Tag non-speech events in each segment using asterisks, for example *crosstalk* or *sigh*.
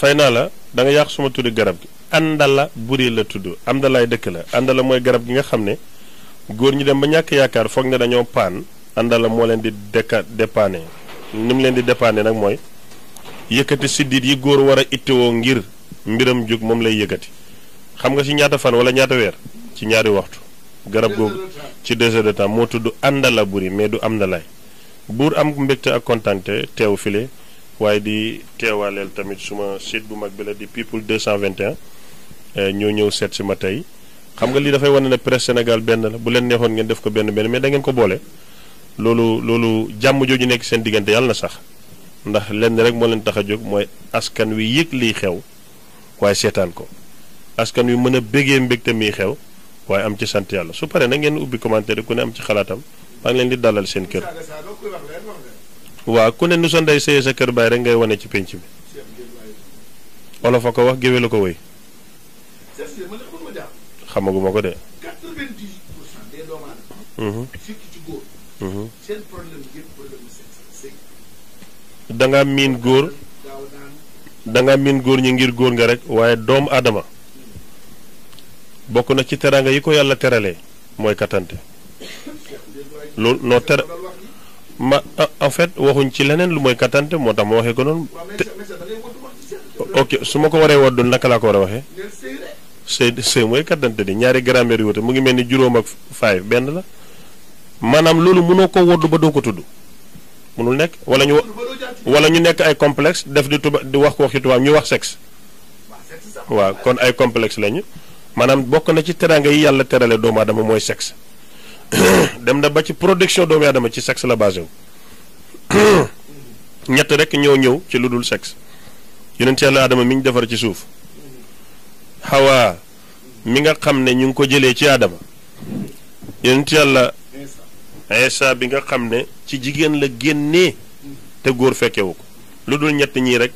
fay naa la danga yàq suma tuddi garab gi àndala buri la tudd àndalaay dëkk la àndala mooy garab gi nga xam ne góor ñi dem ba ñàkk yaakaar foog ne dañoo paan àndala moo leen di deka dépanne ni leen di dépanne nag mooy yëkkati siddit yi góor war a ittewoo ngir mbiram jug moom lay yëkkati xam nga ci ñaata fan wala ñaata weer ci ñaari waxtu garab googu ci deux de temps moo tudd àndala buri mais du am ndalaay buur am mbégte ak kontaante teew file waaye di teewaaleel tamit su ma site bu mag bi la di people 221 eh, ñoo ñëw seet si ma tey xam nga lii dafay wane ne presse Sénégal benn la bu leen neexoon ngeen def ko benn benn mais da ngeen ko boole loolu loolu jàmm jooju nekk seen diggante yàlla sax ndax lenn rek moo leen tax a jóg mooy askan wi yëg lii xew waaye seetaan ko askan wi mën a bégee mbégte mii xew waaye am ci sant yàlla su paree na ngeen ubbi commentaire ku ne am ci xalaatam maa ngi leen di dalal seen waaw ku ne nu sa ndey sëye sa kër baay rek ngay wane ci pénc bi olof a ko wax géwél ko woy xamaguma ko de mhm. mhm. danga miin góor danga miin góor ñi ngir góor nga rek waaye doom aadama bokk na ci teraanga yi ko yàlla teralee mooy kattante loolu noo tere ma en fait waxuñ ci leneen lu mooy katante moo tax ma waxee ko noonu ok su ma ko waree waddul naka laa ko war a waxee de sëy mooy katante di ñaari grammaire yu wute mu ngi mel ni juróom ak five benn la maanaam loolu mënoo ko wodd ba doo ko tudd mënul nekk wala ñu wala ñu nekk ay complexe def di tuba di wax ko waxi tubaab ñu wax sex waaw kon ay complexe lañu maanaam bokk na ci teraanga yi yàlla terale doomu aadama mooy sexe *coughs* dem na ba ci production doomu aadama ci sexe la basé *coughs* ñett rek ñoo ñëw ci lu dul sex yonent yàlla aadama mi ñu defar ci suuf xawaa mi nga xam ne ñu ngi ko jëlee ci aadama yonent yàlla Iisaa bi nga xam ne ci jigéen la génnee te góor fekkewu ko lu dul ñett ñii rek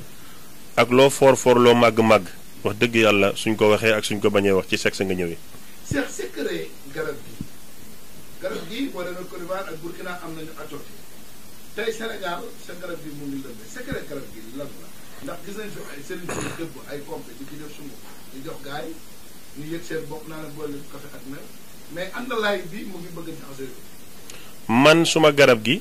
ak loo foor foor loo màgg-màgg wax dëgg yàlla suñ ko waxee ak suñ ko bañee wax ci sexe nga ñëwee. garab gii boo demee Côte d'Ivoire ak Burkina am nañu atoote tey Sénégal sa garab gi mu ngi lëndee secret garab gi lan ndax gis nañ fi ay sëriñ si dëbb ay compé di ci def sumu di jox gaay ñu yëg seen bopp naa ne boole café ak mel mais àndalaay bi mu ngi bëgg a jaxase man suma garab gi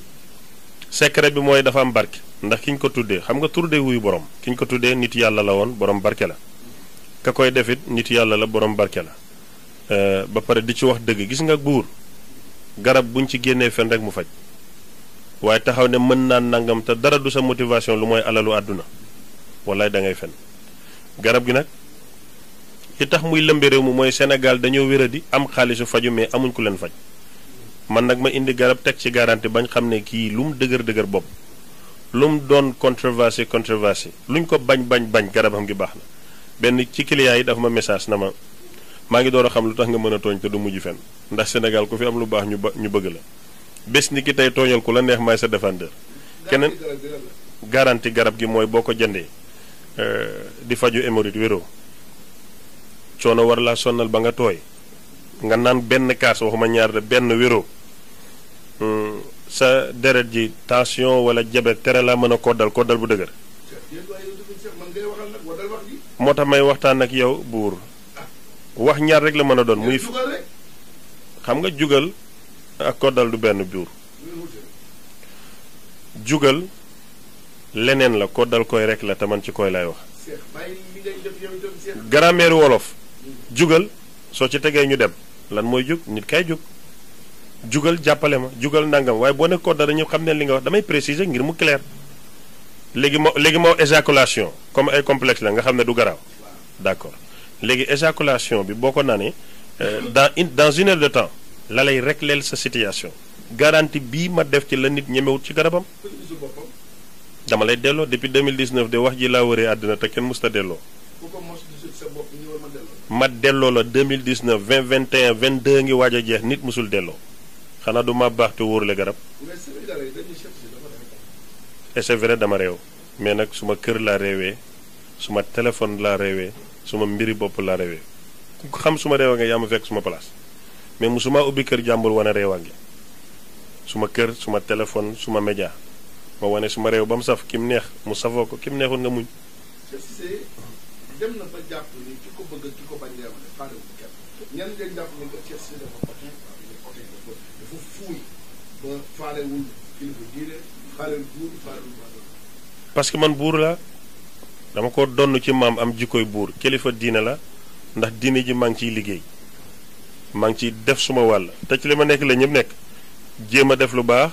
secret bi mooy dafa am barke ndax ki ñu ko tuddee xam nga tur de wuyu borom ki ñu ko tuddee nit yàlla la woon borom barke la ka koy defit nit yàlla la borom barke la euh, ba pare di ci wax dëgg gis nga buur garab buñ ci génnee fen rek mu faj waaye taxaw ne mën naa nangam te dara du sa motivation lu mooy alalu àdduna wallaay da ngay fen garab gi nag li tax muy lëmbe mu mooy Sénégal dañoo wéradi am xaalisu faju mais amuñ ku leen faj man nag ma indi garab teg ci garanti bañ xam ne kii lum dëgër dëgër bopp lu mu doon controversé controversé luñ ko bañ bañ bañ garabam gi baax na benn ci client yi dafa ma message na ma. maa ngi door a xam lu tax nga mën a tooñ te du mujj fenn ndax Sénégal ku fi am lu baax ñu ba ñu bëgg la bés ni ki tey tooñal ku la neex may sa défendeur keneen garanti garab gi mooy boo ko jëndee euh, di faju hémorroïde wéroo coono war laa sonnal ba nga tooy nga naan benn kaas waxuma ñaar de benn wéroo hmm, sa deret ji tension wala jabet tere laa mën a koddal koddal bu dëgër moo tax may waxtaan ak yow buur wax ñaar rek la mën a doon muy xam nga jugal ak koddal du benn buur jugal leneen la koddal koy rek la te ci koy lay wax grammaire wolof jugal soo ci tegee ñu dem lan mooy jug nit kay jug jugal jàppale ma jugal ndàngam waaye boo ne koddal dañu xam ne li nga wax damay préciser ngir mu clair léegi moo léegi moo éjaculation comme ay complexe la nga xam ne du garaaw d'accord léegi éjaculation bi boo ko naanee euh, dans une dans une heure de temps la lay régleel sa situation garantie bii ma def ci la nit ñemewut ci garabam. dama lay delloo depuis 2019 de wax ji laa wëree àdduna te kenn musta delloo. ma delloo la 2019 20 21 22 ngi waaj a jeex nit musul delloo xanaa du ma baax te wóorule garab. et c'est vrai dama réew mais nag su ma kër laa réewee su ma téléphone laa réewee. suma mbiri bopp laa rewee ku xam suma reewaange yaa fekk suma place mais musuma ubbi kër jàmbur wane reewaange suma kër suma téléphone suma média ma wane suma réew ba mu saf ki mu neex mu safoo ko ki mu neexoon nga muñ. dem na ba que man buur la dama ko donn ci maam am jikkoy buur kilifa diine la ndax diine ji maa ngi ciy liggéey maa ngi ciy def suma wàll te ci li ma nekk la ñëpp nekk jéem a def lu baax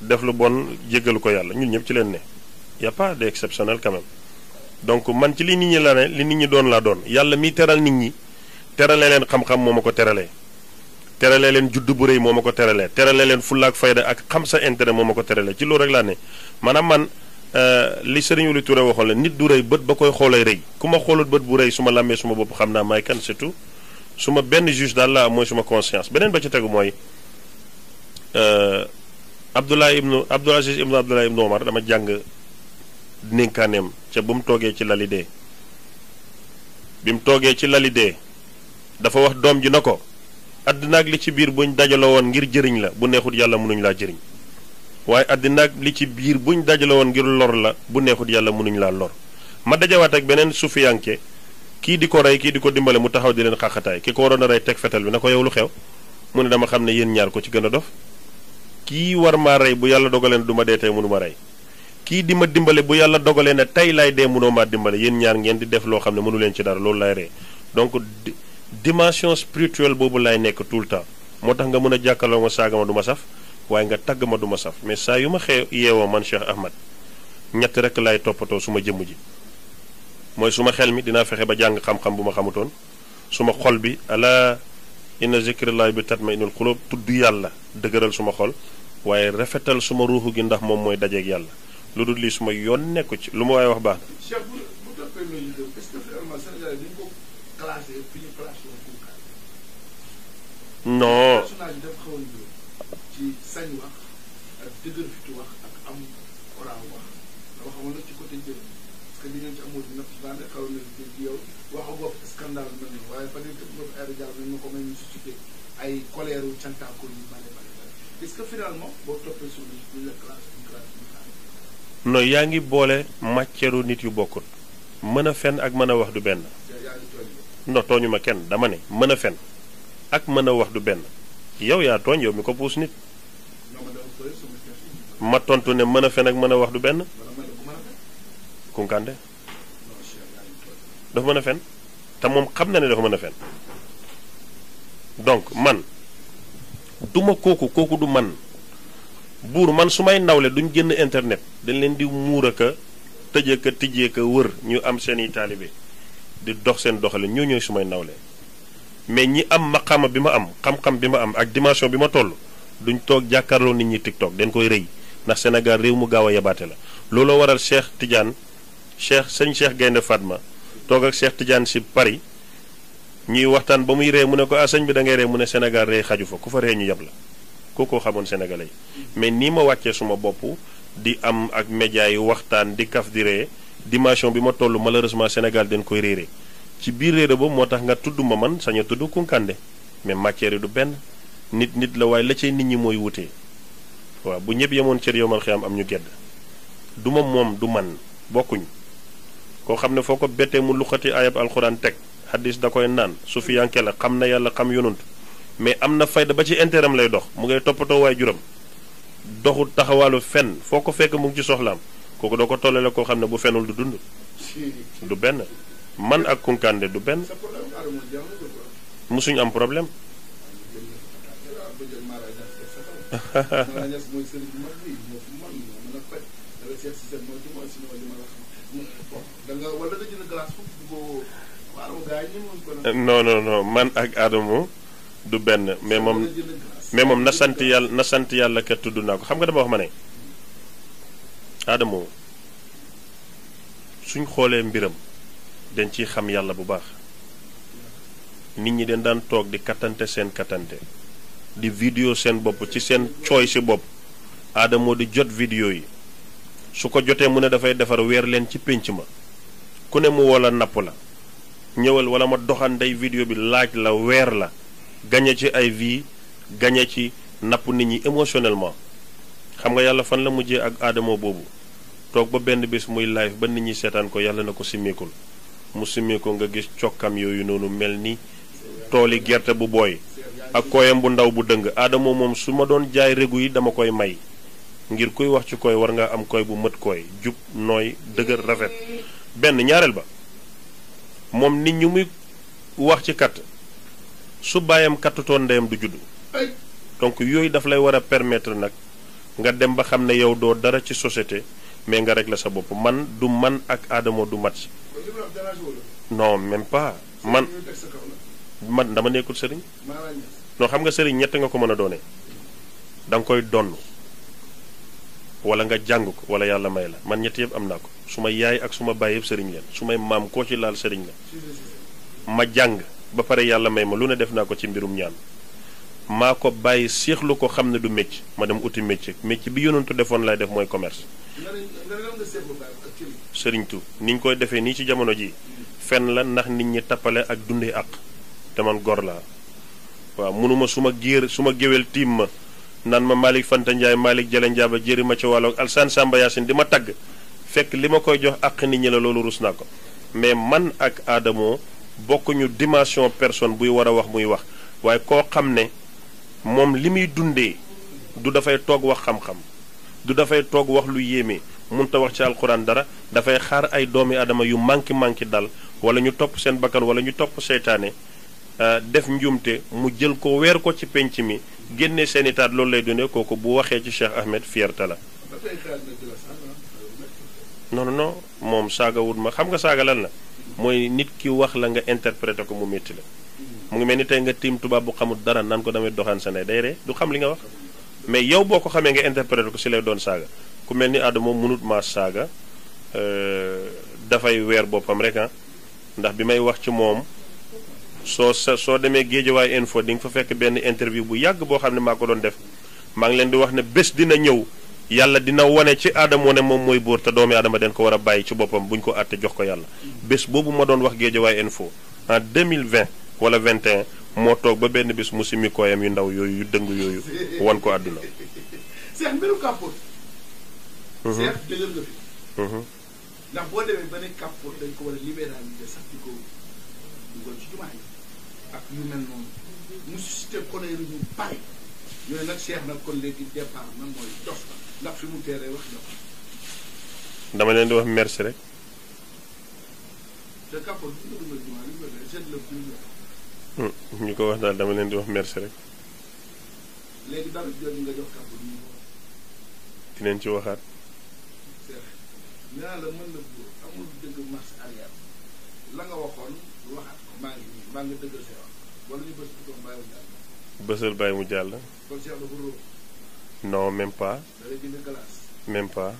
def lu bon jéggalu ko yàlla ñun ñëpp ci leen ne y a pas d'exceptionnel quand donc man ci li nit ñi la ne li nit ñi doon laa doon yàlla mi teral nit ñi teralee leen xam-xam moo ma ko teralee teralee leen juddu bu rëy moo ma ko teralee teralee leen fulla ak fayda ak xam sa intérêt moo ma ko terale ci loolu rek laa ne Euh, li Serigne Wuli Touré nit du rëy bët ba koy xoolay rëy ku ma xoolut bët bu rëy su ma làmmee suma bopp xam naa may kan surtout suma benn juge daal laa am mooy suma conscience beneen ba ci tegu mooy euh, Abdoulaye ibnu Abdoul Aziz ibnu Omar dama jàng ninkaaneem ca bu mu toogee ci lali bi mu toogee ci lali dafa wax doom ji na ko àddina ak li ci biir buñ dajaloo woon ngir jëriñ la bu neexut yàlla mënuñ laa jëriñ waaye àddina ak li ci biir bu ñu dajalewoon ngir lor la bu neexut yàlla mënuñ laa lor ma dajawaat ak beneen sufiyanke kii di ko rey kii di ko dimbale mu taxaw di leen xàqataay ki ko waroon a rey teg fetal bi na ko yow lu xew mu ne dama xam ne yéen ñaar ko ci gën a dof kii war maa rey bu yàlla dogaleen du ma dee tey mënu ma rey kii di ma dimbale bu yàlla dogalee ne tey laay dee mënoo maa dimbale yéen ñaar ngeen di def loo xam ne mënu leen ci dara loolu laay donc dimension spirituelle boobu laay nekk le temps moo tax nga mën a jàkkaarloo ma saaga ma du ma saf waaye nga tagg ma duma ma saf mais saa yu ma xee yeewoo man Cheikh Ahmad ñett rek laay toppatoo suma ma ji mooy suma xel mi dinaa fexe ba jàng xam-xam bu ma xamutoon su ma xol bi ala inna zikrillahi bi tatmainul xulub tudd yàlla dëgëral suma ma xol waaye rafetal suma ma ruuxu gi ndax moom mooy dajeeg yàlla lu dul lii su ma yoon nekku ci lu ma waaye wax baax na sañ wax ak dëgër ay colère wu cantaakul yaa ngi boole màcceeru nit yu bokkul mën a fen ak mën a wax du benn. non tooñu kenn dama ne mën a fen ak mën a wax du benn yow yaa tooñ yow mi ko puus nit. ma tontu ne mën a fen ak mën a wax du benn. Kunkande dafa mën a fen te moom xam na ne dafa mën a fen donc man duma kooku kooku du man buur man su may nawle duñ génn internet dañ leen di muur ak a tëj ak a tijjee wër ñu am seeni taalibe di dox seen doxale ñu ñooy su may nawle mais ñi am maqaama bi ma am xam-xam bi ma am ak dimension bi ma toll duñ toog jàkkaarloo nit ñi TikTok dañ koy rëy. ndax Sénégal réew mu gaaw a yabaate la looloo waral Cheikh Tidiane Cheikh sañ Cheikh Gaynde Fatma toog ak Cheikh Tidiane si Paris ñuy waxtaan ba muy ree mu ne ko ah sëñ bi da ngay ree mu ne Sénégal ree xaju fa ku fa ree ñu yab la koo xamoon sénégalais yi mais nii ma wàccee suma bopp di am ak média yi waxtaan di kaf di ree dimension bi ma toll malheureusement Sénégal dañ koy réeree ci biir réere boobu moo tax nga tudd ma man sañ a tudd kunkande mais matière du benn nit nit la waaye la nit ñi mooy wutee waaw bu ñëpp yemoon cër yomal xiyaam am ñu gedd du ma moom du man bokkuñ koo xam ne foo ko bettee mu luxati ayab alxuraan teg xaddis da koy naan su fi yanke la xam na yàlla xam yonant mais am na fayda ba ci intérim lay dox mu ngay toppatoo waay juram doxul taxawaalu fenn foo ko fekk mu ngi ci soxlaam kooku doo ko tolle koo xam ne bu fenul du dund du benn man ak kunkande du benn mosuñu am problème no ñes mooy man moo mën a ak Adamo du benn mais moom mais moom na yàlla na yàlla kat tudd naa ko xam nga dama wax ma ne Adamo suñ xoolee mbiram dañ ciy xam yàlla bu baax nit ñi dañ daan toog di kattante seen katante di vidéo seen bopp ci seen cooy si bopp aadamoo di jot vidéo yi su ko jotee mu ne dafay defar weer leen ci pénc ma ku ne mu wala napp la ñëwal wala ma doxanday vidéo bi laaj la weer la gañe ci ay vie gañe ci napp nit ñi émotionnellement xam nga yàlla fan la mujjee ak aadamoo boobu toog ba benn bés muy live ba nit ñi seetaan ko yàlla na ko simmeekul mu simmeeku nga gis cokkam yooyu noonu mel ni tooli gerte bu booy ak kooyam bu ndaw bu dëng aadama moom su ma doon jaay régu yi dama koy may ngir kuy wax ci koy war nga am koy bu mët koy jub nooy dëgër rafet benn ñaareel ba moom nit ñu muy wax ci katt su baayam bàyyam kattutoon ndeyam du juddu donc yooyu daf lay war a permettre nag nga dem ba xam ne yow doo dara ci société mais nga la sa bopp man du man ak aadama du mat non même pas man man dama nekkul sëriñ noo xam nga sëriñ ñett nga ko mën a doone danga koy donn wala nga jàng ko wala yàlla may la man ñett yëpp am naa ko su ma yaay ak su ma baay sëriñ leen su may maam koo ci laal sëriñ la ma jàng ba pare yàlla may ma lu ne def naa ko ci mbirum ñaan maa ko bàyyi siixlu ko xam ne du mécc ma dem uti mécc mécc bi yonantu defoon laay def mooy commerce sëriñtu niñ koy defee nii ci jamono ji fenn la ndax nit ñi tappale ak dundi àq te man gor laa waaw mënuma su ma géer su géwél tiim ma naan ma Malick Fanta Ndiaye Malick Jalle Ndiaba jëri ci wàll wàllu Alsaan Samba Yaasin di ma tagg fekk li ma koy jox àq nit ñi la loolu rus naa ko mais man ak aadamoo bokkuñu dimension personne buy war a wax muy wax waaye koo xam ne moom li muy dundee du dafay toog wax xam-xam du dafay toog wax lu yéeme mënta wax ci alxuraan dara dafay xaar ay doomi aadama yu manqué manqué dal wala ñu topp seen bakkan wala ñu topp seytaane Euh, def njuumte mu jël ko weer ko ci penc mi génne seen i taat loolu lay dundee kooku bu waxee ci Cheikh Ahmed fierté la. non non moom wut ma xam nga saaga lan la. mooy nit ki wax la nga interprété ko mu métti la. mu ngi mel ni tey nga tiim tubaab bu xamul dara nan ko damay doxaan sa ne day ree du xam li nga wax. mais yow boo ko xamee nga interprété ko si lay doon saaga ku mel ni Adama mënut maa saaga euh, dafay weer boppam rek ah ndax bi may wax ci moom. soo sa soo demee Géejawaay info di nga fa fekk benn interview bu yàgg boo xam ne maa ko doon def maa ngi leen di wax ne bés dina ñëw yàlla dina wane ci aadama ne moom mooy buur te doomi aadama den ko war a bàyyi ci boppam buñ ko àtte jox ko yàlla bés boobu ma doon wax Géejawaay info en 2020 wala 21 moo toog ba benn bés mu simi kooyam yu ndaw yooyu yu dëng yooyu wan ko àdduna seex *laughs* mbirum mhm. mhm. ko yu mel noonu mu suscité colère yu bari ñu nag Cheikh nag kon léegi départ nag mooy dof la ndax fi mu teeree wax na ko dama leen di wax merci rek. Hmm, ñu ko wax daal dama leen di wax merci rek. léegi daal nga jox ci waxaat. la mën na góor amul la nga waxoon waxaat ko maa ngi maa ngi dëggal sa wax bësal bàyyi mu jàll. non même pas. même pas.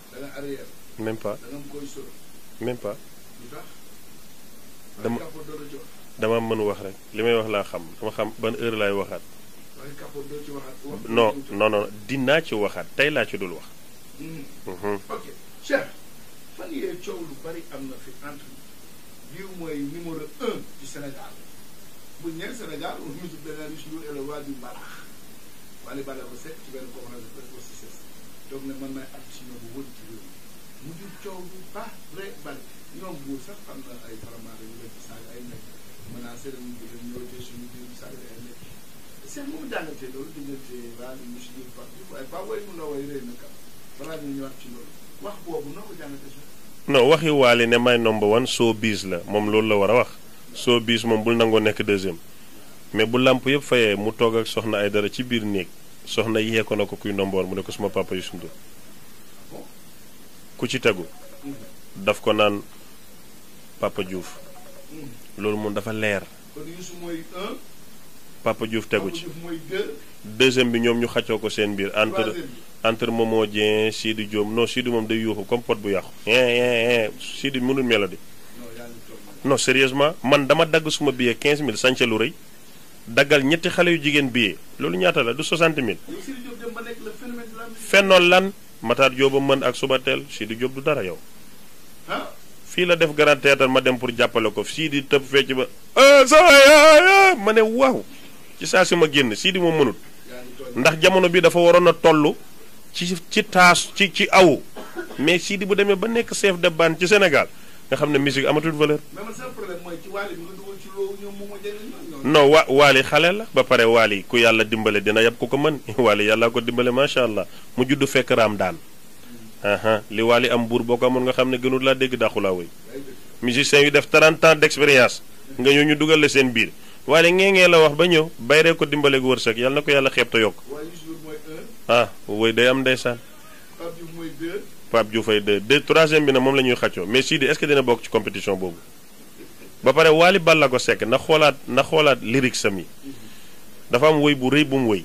même pa même pas. dama dama mën wax rek li may wax laa xam dama xam ban heure laay waxaat. non non non dinaa ci waxaat tey laa ci dul wax. Hmm. Mhm. lu bari na fi bu ñëwee Sénégal on nous bénit Youssou Ndour et le de presse ci na ay faramaare loolu wax boobu noo ko jàngatee sax non waxi Wally ne may number one showbiz la moom loolu la war a wax soo biis moom bul nangoo nekk deuxième mais bu làmp yëpp fayee mu toog ak soxna ay dara ci biir néeg soxna yee ko na ko kuy nomboor mu ne ko suma papa Youssou Ndour ku ci tegu daf ko naan papa juuf loolu moom dafa leer papa juuf tegu ci deuxième bi ñoom ñu xaccoo ko seen biir entre entre Momo Dieng Sidi Diom non Sidi moom day yuuxu comme pot bu yàqu. Eh, eh, eh, Sidi mënul mélodie non sérieusement man dama dagg suma billet 15000 sànce lu rëy daggal ñetti xale yu jigéen billet loolu ñaata la du 60000. fennoon lan Matar Diop a mën ak Subatel Sidi Diop du dara yow. fii la def grand théâtre ma dem pour jàppale ko Sidi tëb fecc ba ah ma ne waaw ci saa si ma génn Sidi moom mënut ndax jamono bi dafa waroon a toll ci ci taas ci ci awu mais siidi bu demee ba nekk chef de bande ci Sénégal. nga xam ne musique amatul valeur. non wa waali xale la ba pare waali ku yàlla dimbale dina yab ku ko mën *laughs* waali yàllaa ko dimbale macha allah mu judd fekk raam daan. li waali am buur boo ko amoon nga xam ne gënul laa dégg daaxu laa woy musiciens yu def 30 ans d' expérience nga ñëw ñu dugal la seen biir waali ngee la wax ba ñëw bayree ko dimbale gu wërsëg yàlla na ko yàlla xeeb te yokk ah woy am ndeysaan Pape Diouf Faye de bi nag moom la ñuy xàccoo mais Sidi est-ce que dina bokk ci compétition boobu. ba pare Waly Ballago Seck na xoolaat na xoolaat lyrics sam yi dafa am woy bu rëy bu mu woy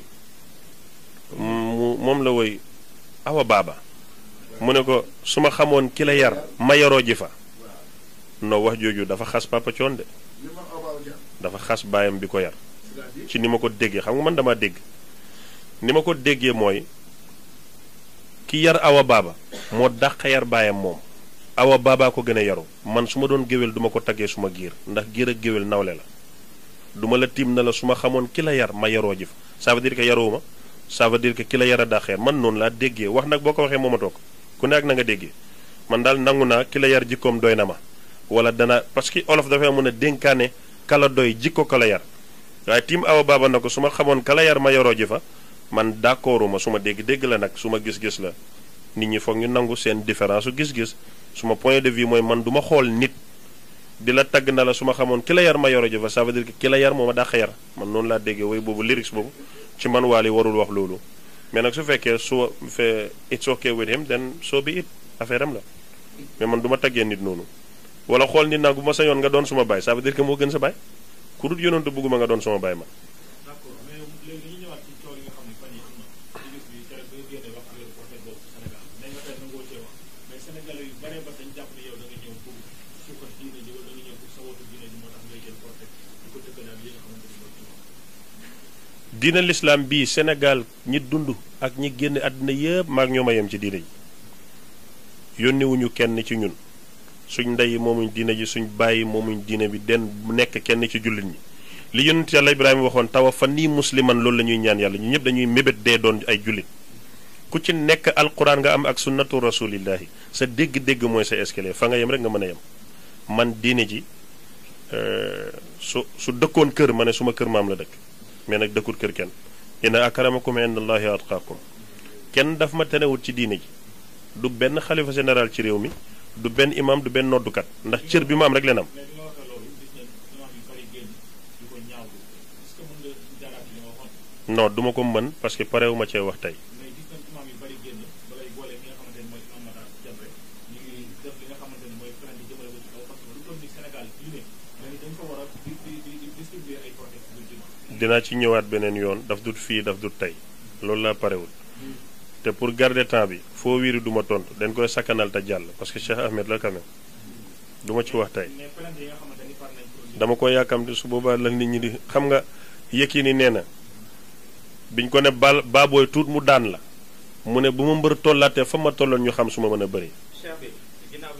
moom la woy awa baaba mu ne ko su ma xamoon ki la yar ma yaroo ji fa non wax jooju dafa xas papa coon de dafa xas baayam bi ko yar ci ni ma ko déggee xam nga man dama dégg ni ma ko déggee mooy ki yar awa baaba moo dàq yar baayam moom awa baaba ko gën a yaru man su ma doon géwél duma ko taggee suma giir ndax giir ak géwél nawle la duma la tiim na la su ma xamoon ki la yar ma yaroo jëf ça veut dire que yaruwuma ça veut dire que ki la yar a dàq man noonu laa déggee wax nag boo ko waxee mooma toog ku ne ak na nga déggee man daal nangu naa ki la yar jikkoom doy na ma wala dana parce que olof dafay mën a dénkaane kala doy jikko kala yar waaye tiim awa baaba na ko su ma xamoon kala yar ma yaroo ji fa man d'accorduma su ma dégg-dégg la nag su ma gis-gis la nit ñi foog ñu nangu seen différence su gis-gis su ma point de vue mooy man du ma xool nit di la tagg na la su ma xamoon ki la yar ma yoro jëfa ça veut dire ki la yar moo ma dàq yar man noonu laa déggee way boobu lyrics boobu ci man waali warul wax loolu mais nag su fekkee su fe it's okay with him then so be it affaire am la mais man duma ma taggee nit noonu wala xool nit nag bu ma sañoon nga doon suma baay ça veut dire que moo gën sa baay ku dut yonantu bëgguma nga doon suma baay man diina lislaam bii Sénégal ñi dund ak ñi génn àddina yëpp maag ñoo ma yem ci diina ji yónniwuñu kenn ci ñun suñ ndey moomuñ diina ji suñ bàyyi moomuñ diina bi den nekk kenn ci jullit ñi li yonent yàlla Ibrahima waxoon tawa fa nii musliman loolu la ñuy ñaan yàlla ñu ñëpp dañuy mébét dee doon ay jullit ku ci nekk alquran nga am ak sunnatu rasulillahi sa dégg-dégg mooy sa escalier fa nga yem rek nga mën a yem man diine ji euh, su su dëkkoon kër ma ne suma kër maam la dëkk mais nag dëkkul kër kenn inna akramakum indallahi atqaakum kenn daf ma tenewul ci diine ji du benn xalifa général ci réew mi du benn imam du benn noddukat ndax cër bi ma am rek leen am duma ko mën parce que parewuma cee wax tey dinaa ci ñëwaat beneen yoon daf dut fii daf dut tey loolu laa parewul te pour garder temps bi foo wiiri duma tontu dañ koy sakkanal te jàll parce que Cheikh Ahmed la quand même du ci wax tey dama ko yàkkamte su boobaa la nit ñi di xam nga Yékini nee na biñ ko ne bal baabooy tuut mu daan la mu ne bu ma mbër tollaatee fa ma tolloon ñu xam su ma mën a ginnaaw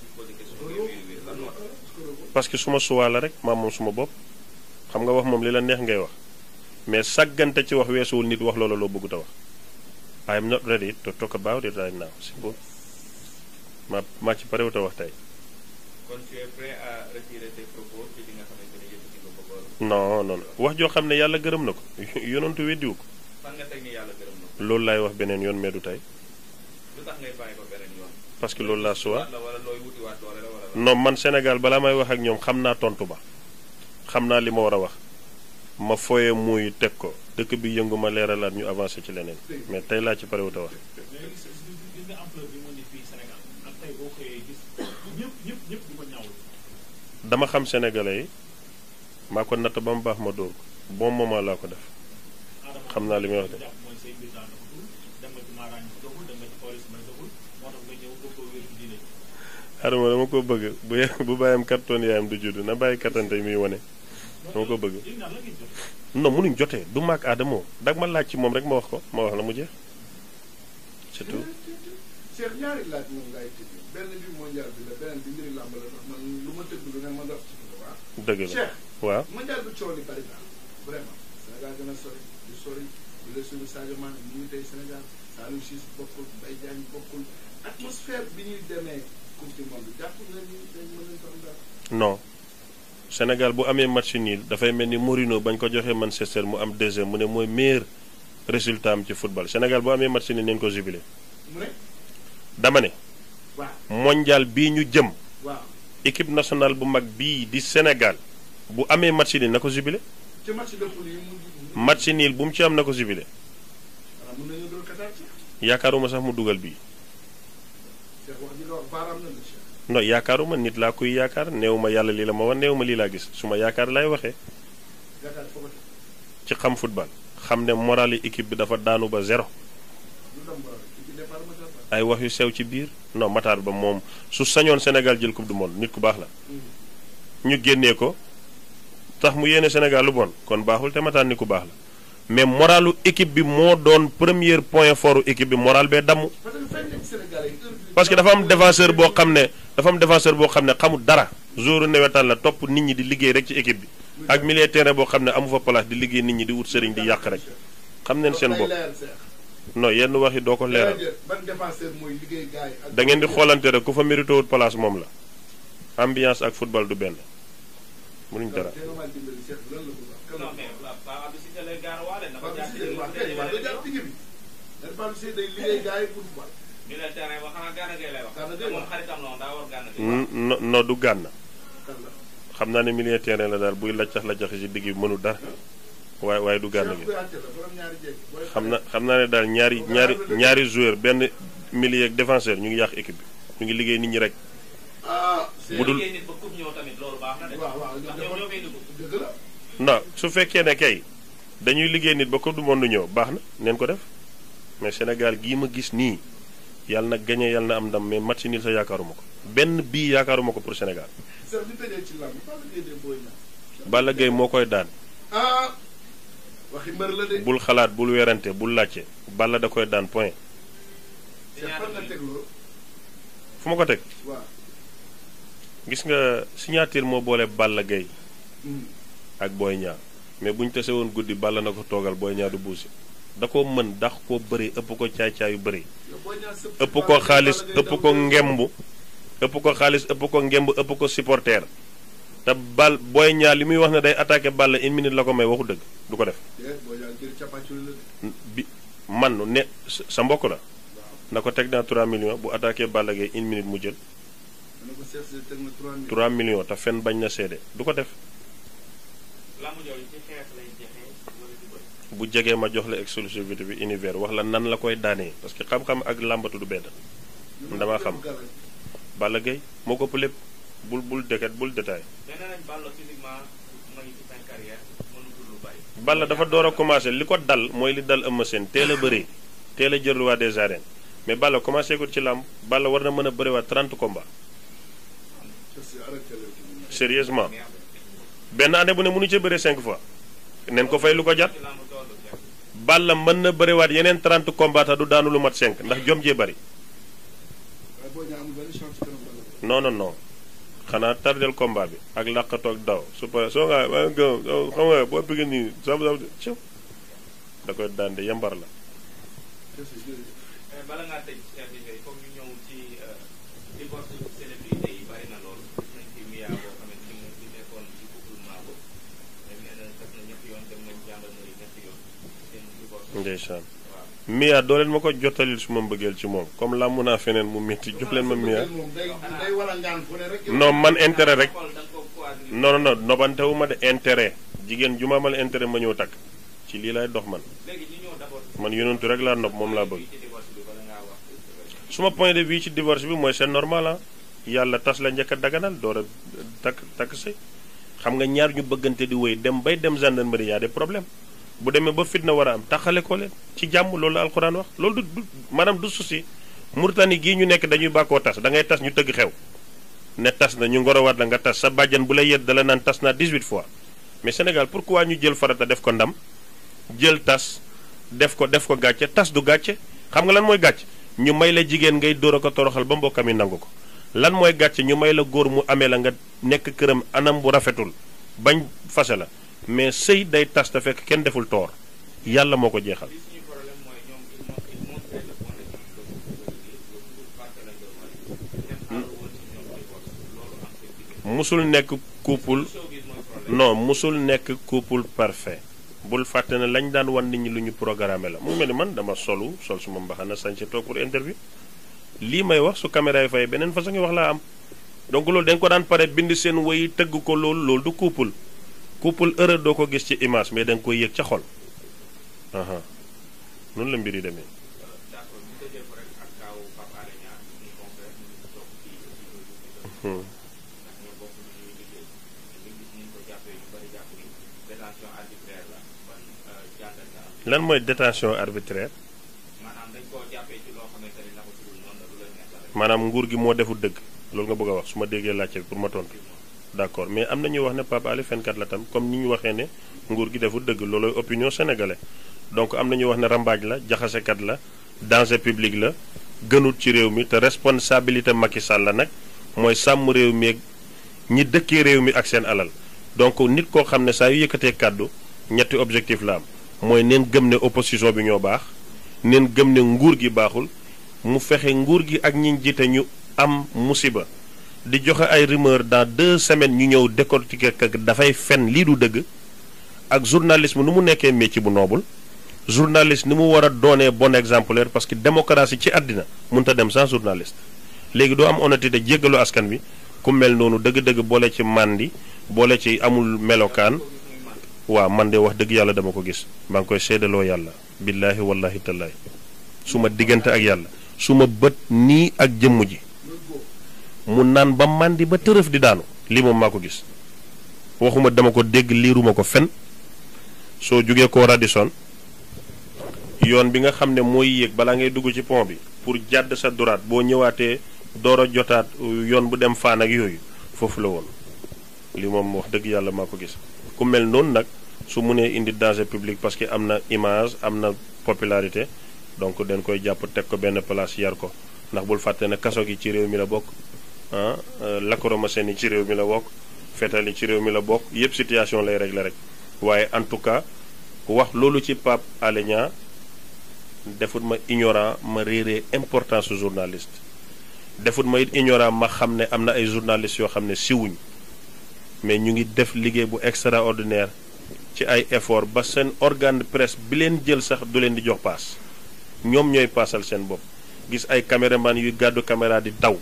su ma wér parce que suma suwaa rek maa moom suma bopp xam nga wax moom li la neex ngay wax mais sàggante ci wax weesuwul nit wax loola loo bëggut a wax I not ready to talk about it right now c'est bon ma maa ci parewut wax tey. kon non wax joo xam ne yàlla gërëm na ko *laughs* yonantu weddiwu ko. loolu laay wax beneen yoon mais du tey. lu parce que loolu laa suwa. non man Sénégal bala may wax ak ñoom xam naa tontu ba xam naa li ma war a wax ma foye muy teg ko dëkk bi yëngu ma leeralaat ñu avancé ci leneen mais tey laa ci pare wut xam sénégalais yi maa ko ba mu baax ma dóor laa ko def xam naa li may wax de. xaruma dama ko bëgg bu bu bàyyam kattan yaayam du judd na bàyyi kattante muy wane dama ko bëgg. non munuñ jotee du maag Adamo dag ma laaj ci moom rek ma wax ko ma wax la mu jeex surtout. Cheikh ma tëgg lu na vraiment Sénégal gën a sori du sori du bokkul Mbaye Diagne bokkul atmosphère bi ñuy demee. no senegal jàpp bu amee match niil dafay mel ni Mourinho bañ ko joxee Manchester mu am deuxième mu ne mooy meilleur résultat am ci football senegal bu amee match nul nañ ko jubilé. dama ne. waaw bii ñu jëm. waaw équipe bu mag bii di senegal bu amee match nul na ko jubilé. ci match de bu mu ci am na ko jubilé. yaakaaruma sax mu dugal bii. non yaakaaruma nit laa kuy yaakaar néew ma yàlla lii la ma wan néew lii laa gis su yaakaar laay waxee. ci xam football. xam ne morali équipe bi dafa daanu ba zéro. ay wax yu sew ci biir non Matar ba moom su sañoon Sénégal jël coupe du monde nit ku baax la. Mm-hmm. ñu génnee ko tax mu yéene Sénégal lu bon kon baaxul te Matar nit ku baax la. mais moralu équipe bi moo doon première point fort équipe bi moral bee damm. parce que dafa am défenseur boo xam ne dafa am défenseur boo xam ne xamul dara. jouru nawetaan la topp nit ñi di liggéey rek ci équipe bi ak milieu terrain boo xam ne amu fa place di liggéey nit ñi di wut sëriñ di yàq rek xam neen seen bopp. non yenn wax yi doo ko leeral da ngeen di xoolante rek ku fa mérité wut place moom la ambiance ak football du benn mënuñ dara. déedéet waaw du gànna. xam naa ne milieu terrain la daal buy laccax laccax ci digg mënul mënu waaye waaye du gànn bi xam na xam naa ne daal ñaari ñaari ñaari joueur benn milieu ak ñu ngi yàq équipe bi ñu ngi liggéey nit ñi rek. bu su fekkee ne kay. dañuy liggéey nit ba coupe du monde ñëw baax na neen ko def mais Sénégal gii ma gis nii yàlla na gagné yàlla na am ndam mais match nil sa yaakaaruma ko benn bii yaakaaruma ko pour Sénégal. Balla Gaye moo koy daan. Ah, bul xalaat bul werante bul laajte. Balla da koy daan point. fu ma ko teg. gis nga signature moo boole Balla Gaye. Hmm. ak Boy Niang. mais bu ñu tase woon guddi balla na ko toogal booy ñaadu buusi da ko mën dax koo bëri ëpp ko caay yu bëri ëpp ko xaalis ëpp ko ngemb ëpp ko xaalis ëpp ko ngemb ëpp ko supporter te bal booy ñaar li muy wax ne day attaqué Balla une minute la ko may waxu dëgg du ko def bi man ne sa mbokk la na ko teg naa 3 million bu attaqué Balla Gaye une minute mu jël 3 millions te fenn bañ na seede du ko def bu jegee ma jox la exclusivité bi univers wax la nan la koy daanee parce que xam-xam ak làmbatu du benn dama xam Balla Gaye moo ko lépp bul bul déket bul détail dafa door a commencé li ko dal mooy li dal Eumeu seen teel a bëri teel a jël roi des arènes mais Balla commencé ko ci làmb Balla war na mën a bëriwaat 30 combats sérieusement benn année bu ne mënu ca bëre 5 fois nen ko fay lu ko jat Balla mën na bariwaat yeneen 30 combat du daanu lu mat 5 ndax jom jee bëri. non non non xanaa tardel combat bi ak làqatoog daw su soo nga xam nga boo bëggee nii sab sab da koy daan de yambar la. Eh, ndeysaan miyaa doo leen ma ko jotalil su ma mbëggeel ci moom comme làmm naa feneen mu métti jox leen ma miyaa non man intérêt rek non non nobantewu ma de intérêt jigéen ju ma amal intérêt ma ñëw takk ci lii lay dox man man yonentu rek laa nopp moom laa bëgg suma point de vue ci divorce bi mooy seen normal ah. yàlla tas la njëkk a daganal door a takk takk sëy xam nga ñaar ñu bëggante di wéy dem bay dem gendarmerie y a des problèmes bu demee ba fitna war a am taxale ko leen ci jàmm loolu la alxuraan wax loolu du maanaam du susi murtani gii ñu nekk dañuy bàkkoo tas da ngay tas ñu tëgg xew ne tas na ñu ngorowaat la nga tas sa bàjjan bu lay yedd dala naan tas naa 18 fois mais Sénégal waa ñu jël farata def ko ndam jël tas def ko def ko gàcce tas du gàcce xam nga lan mooy gàcce ñu may la jigéen ngay dóor a ko toroxal ba mbokkam yi nangu ko lan mooy gàcce ñu may la góor mu amee la nga nekk këram anam bu rafetul bañ fase la mais sëy day tas te fekk kenn deful toor yàlla moo ko jeexal. musul nekk couple non musul nekk couple parfait bul fàtte ne lañ daan wan nit ñi lu ñu programmé la mu mel ni man dama solu sol suma mbaxana sañse toog pour interview lii may wax su caméra yi fay beneen façon ngi wax laa am donc loolu dañ ko daan pare bind seen woy tëgg ko loolu lool du couple couple heureux doo ko gis ci image mais danga koy yëg ca xol noonu la mbir yi demee. Hmm. lan mooy détention arbitraire. maanaam nguur gi moo deful dëgg loolu nga bëgg a wax su ma déggee laajte bi pour ma tontu. d'accord mais am na ñuy wax ne Pape fenkat la tam comme ni ñu waxee ne nguur gi deful dëgg loolooy opinion sénégalais donc am na ñuy wax ne rambaaj la jaxasekat la danger public la gënut ci réew mi te responsabilité Macky Sall la nag mooy sàmm réew mi ak ñi dëkkee réew mi ak seen alal donc nit koo xam ne saa yu yëkkatee kàddu ñetti objectif la am mooy neen gëm ne opposition bi ñoo baax neen gëm ne nguur gi baaxul mu fexe nguur gi ak ñi jiite ñu am musiba di joxe ay rumeur dans deux semaines ñu ñëw décortiquer que dafay fen lii du dëgg ak journalisme nu mu nekkee métier bu noble journaliste ni mu war a doonee bon exemplaire parce que démocratie ci àddina mënut dem sans journaliste léegi doo am honnêteté jéggalu askan bi ku mel noonu dëgg-dëgg boole ci màndi boole ci amul melokaan waaw man de wax dëgg yàlla dama ko gis maa ngi koy seedaloo yàlla billaahi wallaahi tallaahi su ma diggante ak yàlla su bët nii ak jëmm ji mu naan ba màndi ba tërëf di daanu lii moom maa ko gis waxuma dama ko dégg liiruma ko fen soo jugee ko Radisson yoon bi nga xam ne mooy yéeg balaa ngay dugg ci pont bi pour jàdd sa duraat boo ñëwaatee door a jotaat euh, yoon bu dem faan ak yooyu foofu la woon lii moom wax dëgg yàlla maa ko gis ku mel noonu nag su mënee indi danger publique parce que am na image am na popularité donc dañ koy jàpp teg ko benn place yar ko ndax bul fàtte na kaso gi ci réew mi la bokk ah euh, lacrymogène yi ci réew mi la bokk fetal ci réew mi la bokk yépp situation lay rek la rek waaye en tout cas wax loolu ci Pape Alé Niang defut ma ignorant ma réeree importance su journaliste defut ma it ignorant ma xam ne am na ay journalistes yoo xam ne siwuñ mais ñu ngi def liggéey bu extraordinaire ci ay effort ba seen organe de presse bi leen jël sax du leen di jox paas ñoom ñooy paasal seen bopp gis ay caméraman yuy gàddu caméra di daw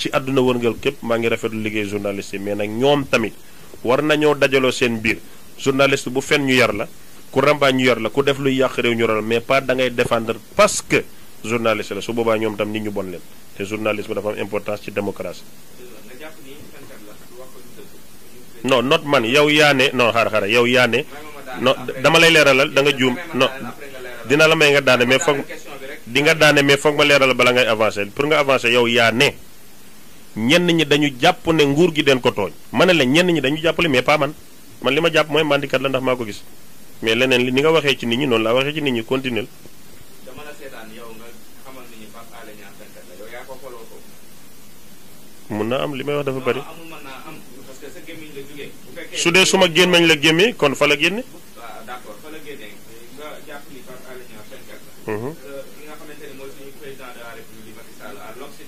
ci àdduna wërngal képp maa ngi rafetlu liggéey journaliste yi mais nag ñoom tamit war nañoo dajaloo seen biir journaliste bu fen ñu yar la ku rambaa ñu yar la ku def luy yàq réew ñu yar mais pas da ngay défendre parce que journaliste la su boobaa ñoom tam nit ñu bon leen te journalisme dafa am importance ci démocratie non not man yow yaa ne non xaar xaar yow yaa ne non dama lay leeralal da nga juum non dina la may nga daane mais foog di nga daane mais foog ma leeralal bala ngay avancer pour nga avancer yow yaa ne ñenn ñi dañu jàpp ne nguur gi den ko tooñ ma ne la ñenn ñi dañu jàppale mais pas man li ma jàpp mooy mandikat la ndax maa ko gis mais leneen li ni nga waxee ci nit ñi noonu laa waxee ci nit ñi la mun naa am li may wax dafa bëri su dee suma gémmañ la gémmee kon fa la génne ah,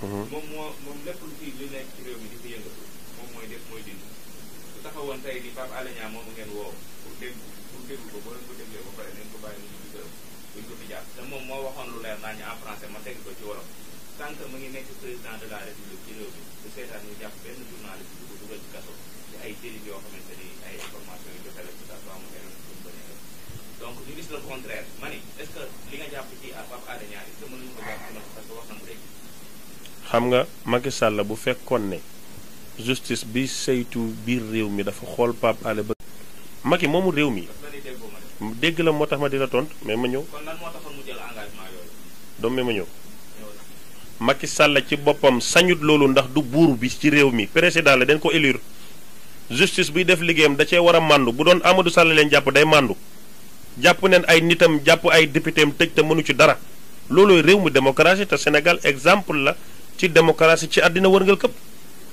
Mm-hmm. moom moo moom lépp lu fii li nekk ci réew mi di fi yëngatu moom mooy def mooy dindi su taxawoon tey di Pape Alé Niang moomu ngeen woo pour dégg pour déglu ko boo leen ko déglee ba pare nañ ko bàyyi mu ñu moom moo waxoon lu leer naa ñu en français ko ci wolof tant mu ngi nekk président de la république ci réew mi su seetaan ñu jàpp benn journaliste bu ko dugal ci kaso ci ay délits yoo xamante ni ay information yu jotale ci kaso amul leneen lu ko nekk donc ñu gis le contraire ma ni est que li nga jàpp ci Pape Alé Niang est ce que mënuñu ko jàpp ci parce que wax na mu dégg xam nga Macky Sall bu fekkoon ne justice bi saytu biir réew mi dafa xool Pape Alé ba Macky moomu réew mi dégg la moo tax ma di la tontu mais ma ñëw doom mais ma ñëw Macky Sall ci boppam sañut loolu ndax du buur bi ci réew mi président la dañ ko élire justice buy def liggéeyam da cee war a màndu bu doon amadu Sall leen jàpp day màndu jàpp neen ay nitam jàpp ay députéem tëj te mënu ci dara loolooy réew mu démocratie te Sénégal exemple la ci démocratie ci àddina wërngal këpp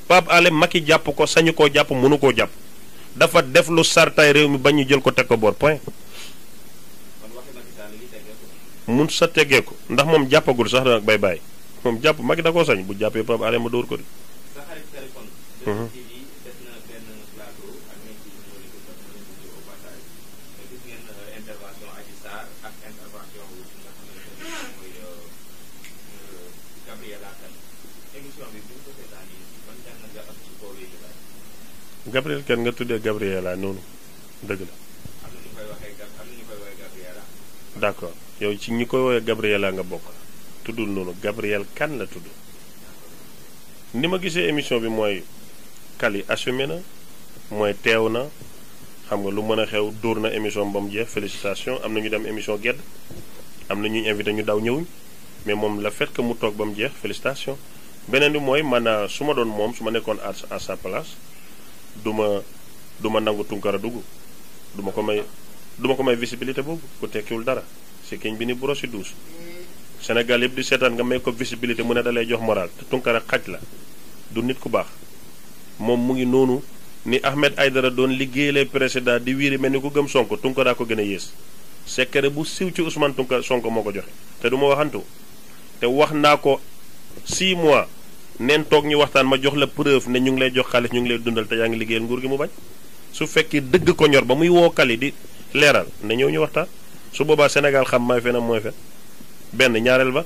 Pape mag yi jàpp ko sañu koo jàpp mënu koo jàpp dafa def lu sartaay réew mi bañ ñu jël ko teg ko boor point mun sa tegee ko ndax moom jàppagul sax nag bay bàyyi moom jàpp mag da koo sañ bu jàppee Pape Alé ma dóor ko di Gabriel kenn nga tuddee Gabriela noonu dëgg la. am na ñu koy woowee Gabriela. d' yow ci ñi koy woowee Gabriela nga bokk tuddul noonu Gabriel kan la tudd ni ma gisee émission bi mooy Kali assumé na mooy teew na xam nga lu mën a xew dóor na émission ba mu jeex félicitation am na ñu dem émission gedd am na ñuy invité ñu daw ñëwuñ mais moom la fait mu toog ba mu jeex félicitation beneen bi mooy man euh, su ma doon moom su ma nekkoon à sa place. du ma du ma nangu tunkara dugg du ma ko may duma ko may visibilité boobu ku tekkiwul dara si bi ni brosse douce Sénégal yëpp di seetaan nga may ko visibilité mu ne da lay jox moral te tunkara xaj la du nit ku baax moom mu ngi noonu ni Ahmed Aydara doon lay président di wiiri mel ni ku gëm Sonko tunkara ko gën a yées secret bu siw ci Ousmane Tunkara sonk moo ko joxe te du ma waxantu te wax naa ko 6 mois. neen toog ñu waxtaan ma jox la preuve ne ñu ngi lay jox xaalis ñu ngi lay dundal te yaa ngi liggéeyal nguur gi mu bañ su fekkee dëgg ko ñor ba muy woo kali di leeral ne ñëw ñu waxtaan su boobaa Sénégal xam maay fen am mooy fen benn ñaareel ba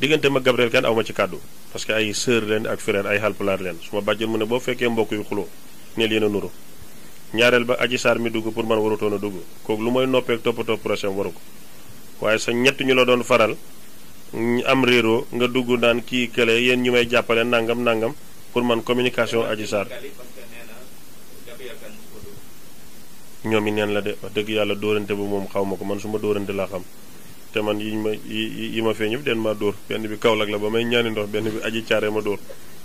diggante ma Gabriel Kane aw ma ci kàddu parce que ay sœur leen ak frère ay halpulaar leen su ma bàjjul mu ne boo fekkee mbokk yu xuloo ne leen nuru ñaareel ba aji saar mi dugg pour man warutoon a dugg kook lu mooy noppeek toppatoo procès waru ko waaye sa ñett ñu la doon faral ñu am réeroo nga dugg daan kii kële yéen ñi may jàppale nangam nangam pour man communication Adji Sarr ñoom yi neen la de wax dëgg yàlla dóorante bu moom xaw ma ko man su ma dóorante laa xam te man yi ma yi ma feeñ yëpp den ma dóor benn bi Kaolack la ba may ñaani ndox benn bi Adji Sarr ma dóor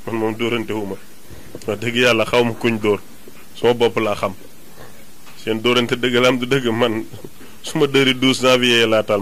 man moom dóorante wu ma dëgg yàlla xaw ma kuñ dóor soo bopp laa xam seen dóorante dëgg am du dëgg man *laughs* suma ma dëri 12 janvier laa taal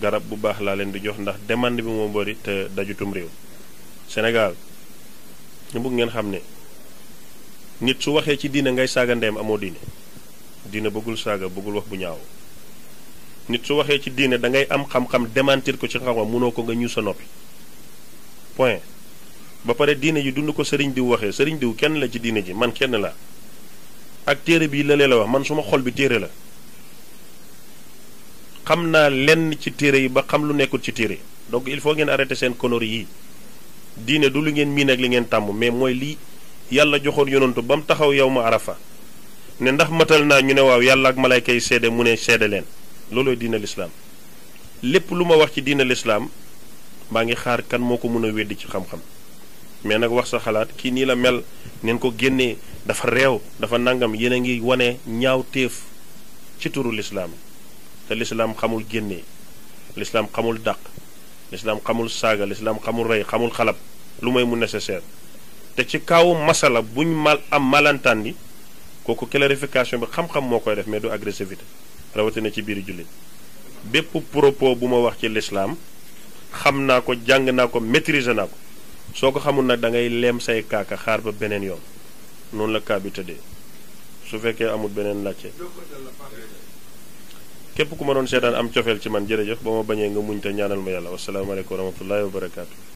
garab bu baax laa leen di jox ndax demande bi moo bëri te dajutum réew senegal ñu bëgg ngeen xam ne nit su waxee ci diine ngay saaga ndeyam amoo diine diine bëggul saaga bëggul wax bu ñaaw nit su waxee ci diine da ngay am xam-xam démentir ko ci xam-xam mënoo ko nga ñu sa noppi point ba pare diine ji dund ko sëriñ diw waxee sëriñ diw kenn la ci diine ji man kenn la ak téere bii la la wax man suma xol bi téere la xam naa lenn ci téere yi ba xam lu nekkul ci téere donc il faut ngeen arrêté seen conneries yii diine du li ngeen miin ak li ngeen tàmm mais mooy lii yàlla joxoon yonantu ba mu taxaw yow ma arafa ne ndax matal naa ñu ne waaw yàlla ak malayka yi seede mu ne seede leen loolooy diina lislaam lépp lu ma wax ci diina lislaam maa ngi xaar kan moo ko mën a weddi ci xam-xam mais nag wax sa xalaat kii nii la mel neen ko génnee dafa reew dafa nangam yéen a ngi wane ñaaw téef ci turu lislaam te lislaam xamul génnee lislaam xamul dàq lislaam xamul saaga lislaam xamul rey xamul xalab lu may mu nécessaire te ci kaw masala buñ mal am malantaan kooku clarification bi xam-xam moo koy def mais du agressivité rawatina ci biir jullit bépp propos bu ma wax ci lislaam xam naa ko jàng naa ko maîtriser naa ko soo ko xamul nag da ngay leem say kaaka xaar ba beneen yoon noonu la kaa bi tëddee su fekkee amul beneen laajte képp ku ma doon seetaan am cofeel ci man jërëjëf ba ma bañee nga muñ te ñaanal ma yàlla wasalaamaaleykum wa rahmatullahi wa barakaatu.